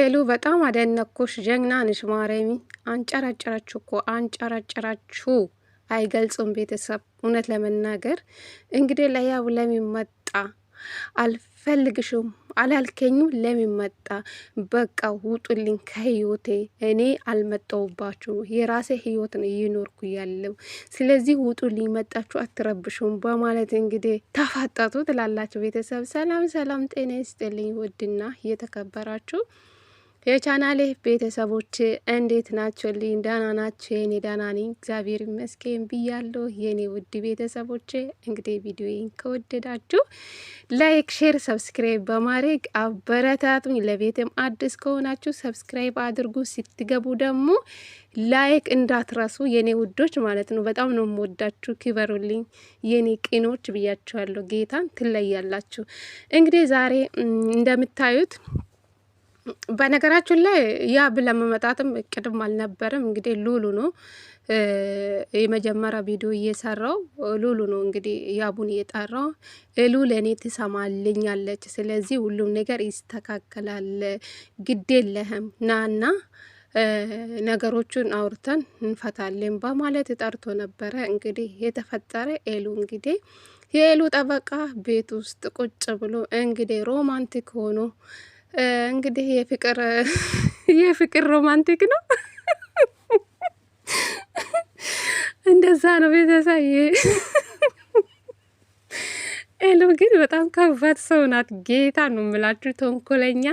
ኤሉ በጣም አደነኩሽ፣ ጀግና ነሽ ማረሚ። አንጨራጨራችሁ እኮ አንጨራጨራችሁ፣ አይገልጹም ቤተሰብ። እውነት ለመናገር እንግዲህ ለያው ለሚመጣ አልፈልግሽም አላልከኝም ለሚመጣ በቃ ውጡልኝ ከህይወቴ። እኔ አልመጣውባችሁ የራሴ ህይወት ነው እየኖርኩ ያለው። ስለዚህ ውጡልኝ፣ መጣችሁ አትረብሹም በማለት እንግዲህ ተፋጠጡ ትላላችሁ ቤተሰብ። ሰላም ሰላም፣ ጤና ይስጥልኝ ውድና እየተከበራችሁ የቻናሌ ቤተሰቦች እንዴት ናቸውልኝ? ደህና ናቸው። የኔ ደህና ነኝ እግዚአብሔር ይመስገን ብያለሁ። የኔ ውድ ቤተሰቦች እንግዲህ ቪዲዮዬን ከወደዳችሁ ላይክ፣ ሼር፣ ሰብስክራይብ በማድረግ አበረታቱኝ። ለቤትም አዲስ ከሆናችሁ ሰብስክራይብ አድርጉ። ስትገቡ ደግሞ ላይክ እንዳትረሱ የኔ ውዶች ማለት ነው። በጣም ነው የምወዳችሁ። ክበሩልኝ የኔ ቅኖች ብያችኋለሁ። ጌታን ትለያላችሁ። እንግዲህ ዛሬ እንደምታዩት በነገራችን ላይ ያ ብለመመጣትም እቅድም አልነበረም። እንግዲህ ሉሉ ነው የመጀመሪያ ቪዲዮ እየሰራው ሉሉ ነው እንግዲህ ያቡን እየጠራው ሉል እኔ ትሰማልኛለች፣ ስለዚህ ሁሉም ነገር ይስተካከላል፣ ግድ የለህም ናና ነገሮቹን አውርተን እንፈታለን በማለት ጠርቶ ነበረ። እንግዲህ የተፈጠረ ኤሉ እንግዲህ የኤሉ ጠበቃ ቤት ውስጥ ቁጭ ብሎ እንግዲህ ሮማንቲክ ሆኖ እንግዲህ የፍቅር የፍቅር ሮማንቲክ ነው። እንደዛ ነው ቤተሰብ። ሄሎ ግን በጣም ከባድ ሰው ናት። ጌታ ነው የምላችሁ፣ ተንኮለኛ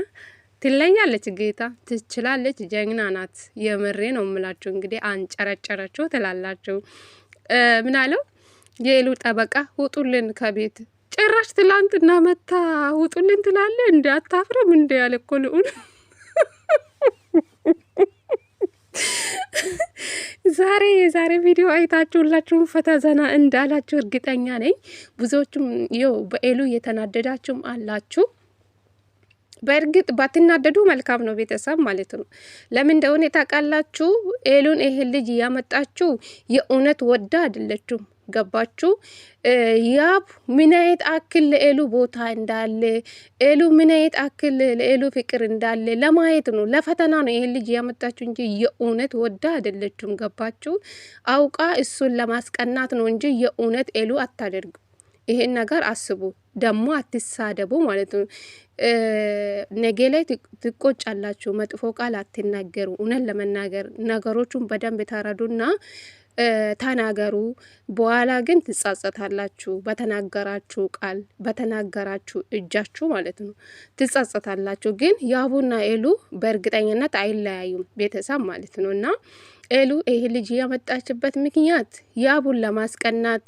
ትለኛለች፣ ጌታ ትችላለች፣ ጀግና ናት። የምሬ ነው የምላችሁ። እንግዲህ አንጨረጨረችው ትላላችሁ። ምናለው የሄሉ ጠበቃ ውጡልን ከቤት ጭራሽ ትላንትና መታ ውጡልን ትላለ። እንደ አታፍረም እንደ ያለ እኮ ልዑል ዛሬ የዛሬ ቪዲዮ አይታችሁ ሁላችሁም ፈታ ዘና እንዳላችሁ እርግጠኛ ነኝ። ብዙዎቹም ይኸው በኤሉ እየተናደዳችሁም አላችሁ። በእርግጥ ባትናደዱ መልካም ነው፣ ቤተሰብ ማለት ነው። ለምን እንደሆነ ታውቃላችሁ? ኤሉን ይህን ልጅ እያመጣችሁ የእውነት ወዳ አይደለችም። ገባችሁ? ያብ ምን አይነት አክል ለኤሉ ቦታ እንዳለ ኤሉ ምን አይነት አክል ለኤሉ ፍቅር እንዳለ ለማየት ነው። ለፈተና ነው ይሄን ልጅ ያመጣችሁ እንጂ የእውነት ወዳ አይደለችም። ገባችሁ? አውቃ እሱን ለማስቀናት ነው እንጂ የእውነት ኤሉ አታደርግም። ይሄን ነገር አስቡ። ደግሞ አትሳደቡ ማለት ነው። ነገ ላይ ትቆጫላችሁ። መጥፎ ቃል አትናገሩ። እውነት ለመናገር ነገሮቹን በደንብ ተረዱና ተናገሩ። በኋላ ግን ትጻጸታላችሁ። በተናገራችሁ ቃል በተናገራችሁ እጃችሁ ማለት ነው ትጻጸታላችሁ። ግን ያቡና ኤሉ በእርግጠኝነት አይለያዩም ቤተሰብ ማለት ነው እና ኤሉ ይሄ ልጅ ያመጣችበት ምክንያት ያቡን ለማስቀናት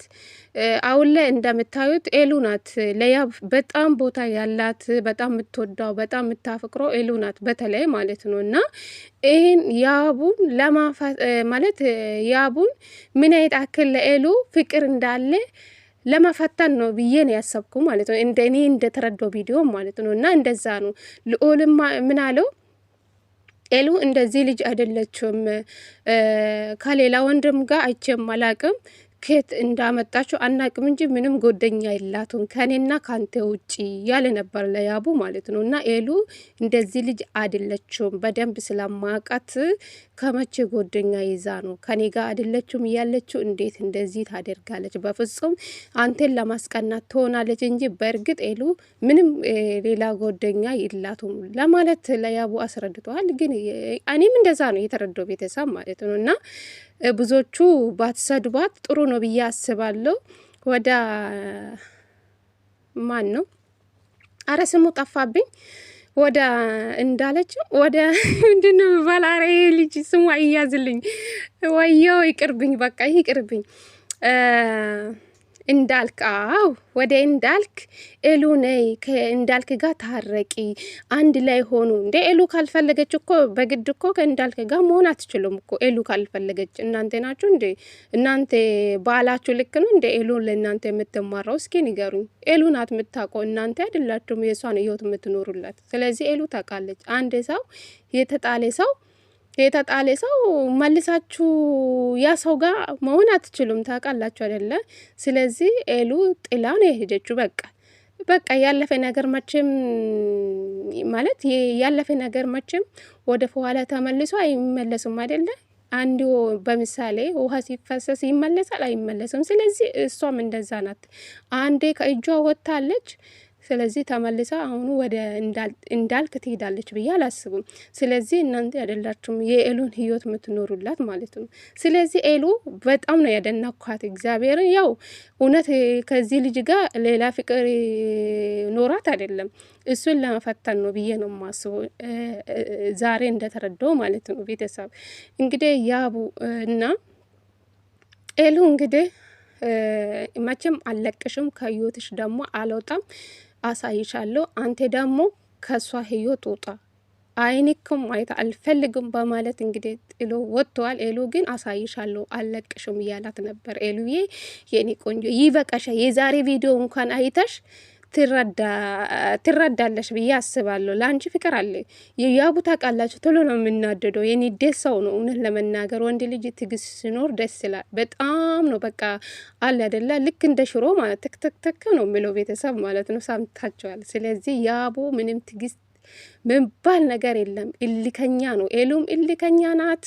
አሁን ላይ እንደምታዩት ኤሉ ናት። ለያብ በጣም ቦታ ያላት በጣም የምትወዳው በጣም የምታፈቅረው ኤሉ ናት፣ በተለይ ማለት ነው። እና ይህን ያቡን ለማፋት ማለት ያቡን ምን አይነት አክል ለኤሉ ፍቅር እንዳለ ለመፈተን ነው ብዬ ነው ያሰብኩ ማለት ነው። እንደ እኔ እንደተረዳው ቪዲዮ ማለት ነው። እና እንደዛ ነው ምን አለው ጤሉ እንደዚህ ልጅ አይደለችም። ከሌላ ወንድም ጋር አይቼም አላቅም ከየት እንዳመጣችው አናቅም እንጂ ምንም ጎደኛ የላትም ከኔና ካንተ ውጪ ያለ ነበር ለያቡ ማለት ነው። እና ኤሉ እንደዚህ ልጅ አይደለችም በደንብ ስለማቃት ከመቼ ጎደኛ ይዛ ነው ከኔ ጋር አይደለችም እያለችው እንዴት እንደዚህ ታደርጋለች? በፍጹም አንተን ለማስቀናት ትሆናለች እንጂ በእርግጥ ኤሉ ምንም ሌላ ጎደኛ የላትም ለማለት ለያቡ አስረድተዋል። ግን እኔም እንደዛ ነው የተረዳው ቤተሰብ ማለት ነው እና ብዙዎቹ ባትሰድቧት ጥሩ ነው ብዬ አስባለሁ። ወደ ማን ነው አረ ስሙ ጠፋብኝ። ወደ እንዳለችው ወደ ምንድን ነው ልጅ ስሟ እያዝልኝ፣ ወየው ይቅርብኝ፣ በቃ ይቅርብኝ። እንዳልክ አው ወደ እንዳልክ እሉ ነይ፣ ከእንዳልክ ጋር ታረቂ፣ አንድ ላይ ሆኑ። እንዴ እሉ ካልፈለገች እኮ በግድ እኮ ከእንዳልክ ጋር መሆን አትችሉም እኮ እሉ ካልፈለገች። እናንተ ናችሁ እንዴ? እናንተ ባላችሁ ልክ ነው እንደ እሉ ለእናንተ የምትማራው እስኪ ንገሩኝ። እሉ ናት የምታውቀው፣ እናንተ አይደላችሁም የእሷን ህይወት የምትኖሩላት። ስለዚህ እሉ ታውቃለች። አንድ ሰው የተጣለ ሰው የተጣለ ሰው መልሳችሁ ያ ሰው ጋር መሆን አትችሉም። ታውቃላችሁ አይደለ? ስለዚህ ኤሉ ጥላ ነው የሄደችው። በቃ በቃ ያለፈ ነገር መቼም ማለት ያለፈ ነገር መቼም ወደ ፈኋላ ተመልሶ አይመለሱም አይደለ? አንድ በምሳሌ ውሃ ሲፈሰስ ይመለሳል አይመለስም። ስለዚህ እሷም እንደዛ ናት። አንዴ ከእጇ ወጥታለች። ስለዚህ ተመልሳ አሁኑ ወደ እንዳልክ ትሄዳለች ብዬ አላስብም። ስለዚህ እናንተ ያደላችሁም የኤሉን ህይወት የምትኖሩላት ማለት ነው። ስለዚህ ኤሉ በጣም ነው ያደናኳት እግዚአብሔርን። ያው እውነት ከዚህ ልጅ ጋር ሌላ ፍቅር ኖራት አይደለም እሱን ለመፈተን ነው ብዬ ነው የማስበው፣ ዛሬ እንደተረዳው ማለት ነው። ቤተሰብ እንግዲህ ያቡ እና ኤሉ እንግዲህ መቼም አለቅሽም ከህይወትሽ ደግሞ አልወጣም አሳይቻለሁ። አንተ ደግሞ ከእሷ ህይወት ውጣ፣ አይንክም ማየት አልፈልግም በማለት እንግዲህ ጥሎ ወጥተዋል። ኤሉ ግን አሳይሻለሁ፣ አለቅሽም እያላት ነበር። ኤሉዬ የኔ ቆንጆ ይበቃሻ፣ የዛሬ ቪዲዮ እንኳን አይተሽ ትረዳለሽ ብዬ አስባለሁ። ለአንቺ ፍቅር አለ። ያቡ ታውቃላችሁ፣ ቶሎ ነው የምናደደው። የኔ ሰው ነው እውነት ለመናገር ወንድ ልጅ ትግስ ሲኖር ደስ ይላል። በጣም ነው በቃ አለ አደላ፣ ልክ እንደ ሽሮ ማለት ትክትክትክ ነው የሚለው ቤተሰብ ማለት ነው። ሳምታቸዋል። ስለዚህ ያቡ ምንም ትዕግስት ምንባል ነገር የለም። እልከኛ ነው፣ ኤሉም እልከኛ ናት።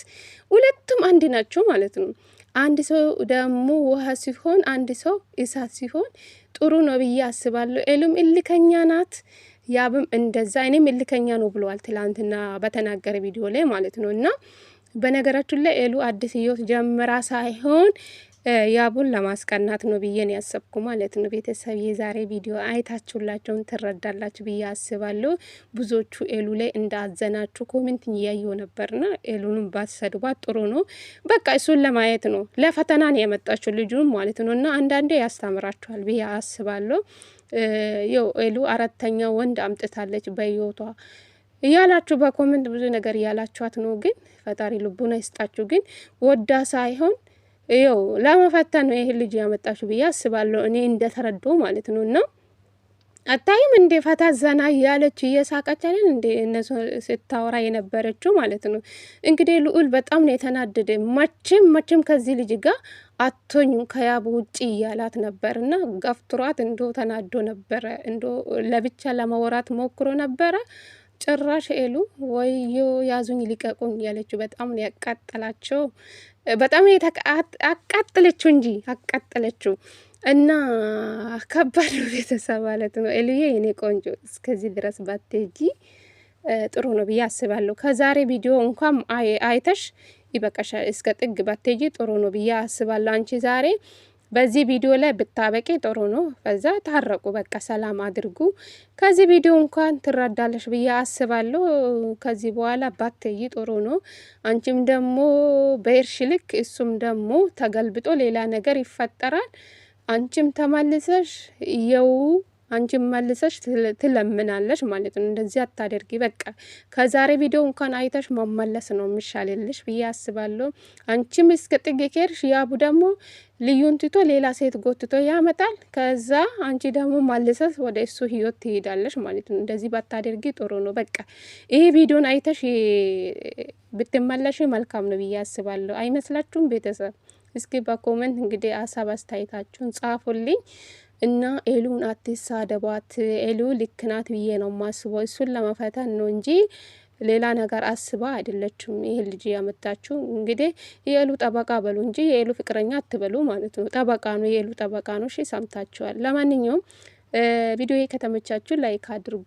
ሁለቱም አንድ ናቸው ማለት ነው። አንድ ሰው ደግሞ ውሃ ሲሆን፣ አንድ ሰው እሳት ሲሆን ጥሩ ነው ብዬ አስባለሁ። ኤሉም እልከኛ ናት፣ ያብም እንደዛ እኔም እልከኛ ነው ብለዋል ትላንትና በተናገረ ቪዲዮ ላይ ማለት ነው። እና በነገራችን ላይ ኤሉ አዲስ ህይወት ጀምራ ሳይሆን ያቡን ለማስቀናት ነው ብዬ ነው ያሰብኩ ማለት ነው። ቤተሰብ የዛሬ ቪዲዮ አይታችሁላቸውን ትረዳላችሁ ብዬ አስባለሁ። ብዙዎቹ ኤሉ ላይ እንዳዘናችሁ ኮሜንት እያየው ነበርና ኤሉንም ባትሰድቧት ጥሩ ነው። በቃ እሱን ለማየት ነው ለፈተና ነው የመጣችሁ ልጁም ማለት ነው። እና አንዳንዴ ያስተምራችኋል ብዬ አስባለሁ። ይኸው ኤሉ አራተኛ ወንድ አምጥታለች በህይወቷ እያላችሁ በኮሜንት ብዙ ነገር እያላችኋት ነው። ግን ፈጣሪ ልቡና ይስጣችሁ። ግን ወዳ ሳይሆን ይኸው ለመፈተን ነው ይህን ልጅ ያመጣችሁ ብዬ አስባለሁ። እኔ እንደተረዳው ማለት ነው እና አታይም እንዴ ፈታ ዘና እያለች እየሳቀች አይደል እንዴ እነሱ ስታወራ የነበረችው ማለት ነው። እንግዲህ ልዑል በጣም ነው የተናደደ። መቼም መቼም ከዚህ ልጅ ጋር አቶኝ ከያቡ ውጭ እያላት ነበር እና ገፍትሯት እንዶ ተናዶ ነበረ እንዶ ለብቻ ለመወራት ሞክሮ ነበረ ጭራሽ ኤሉ ወዮ ያዙኝ ሊቀቁኝ ያለችው በጣም ያቃጠላቸው። በጣም አቃጠለችው እንጂ አቃጠለችው እና ከባድ ቤተሰብ ማለት ነው። ኤሉዬ የኔ ቆንጆ እስከዚህ ድረስ ባትሄጂ ጥሩ ነው ብዬ አስባለሁ። ከዛሬ ቪዲዮ እንኳን አይተሽ ይበቃሻል። እስከ ጥግ ባትሄጂ ጥሩ ነው ብዬ አስባለሁ። አንቺ ዛሬ በዚህ ቪዲዮ ላይ ብታበቂ ጥሩ ነው። በዛ ታረቁ፣ በቃ ሰላም አድርጉ። ከዚህ ቪዲዮ እንኳን ትረዳለሽ ብዬ አስባለሁ። ከዚህ በኋላ ባትይ ጥሩ ነው። አንቺም ደግሞ በእርሽ ልክ እሱም ደግሞ ተገልብጦ ሌላ ነገር ይፈጠራል። አንቺም ተመልሰሽ የው አንቺም መልሰሽ ትለምናለሽ ማለት ነው። እንደዚህ አታደርጊ። በቃ ከዛሬ ቪዲዮ እንኳን አይተሽ መመለስ ነው የሚሻልልሽ ብዬ አስባለሁ። አንቺም እስከ ጥግ ኬርሽ ያቡ ደግሞ ልዩን ትቶ ሌላ ሴት ጎትቶ ያመጣል። ከዛ አንቺ ደግሞ ማልሰት ወደ እሱ ህይወት ትሄዳለች ማለት ነው። እንደዚህ ባታደርጊ ጥሩ ነው። በቃ ይሄ ቪዲዮን አይተሽ ብትመለሽ መልካም ነው ብዬ አስባለሁ። አይመስላችሁም? ቤተሰብ እስኪ በኮመንት እንግዲህ ሀሳብ አስተያየታችሁን ጻፉልኝ። እና ኤሉን አትሳደቧት፣ ኤሉ ልክ ናት ብዬ ነው ማስበው። እሱን ለመፈተን ነው እንጂ ሌላ ነገር አስባ አይደለችም። ይህ ልጅ ያመጣችው እንግዲህ የኤሉ ጠበቃ በሉ እንጂ የኤሉ ፍቅረኛ አትበሉ ማለት ነው። ጠበቃ ነው፣ የኤሉ ጠበቃ ነው። እሺ ሰምታችኋል። ለማንኛውም ቪዲዮ ከተመቻችሁ ላይክ አድርጉ።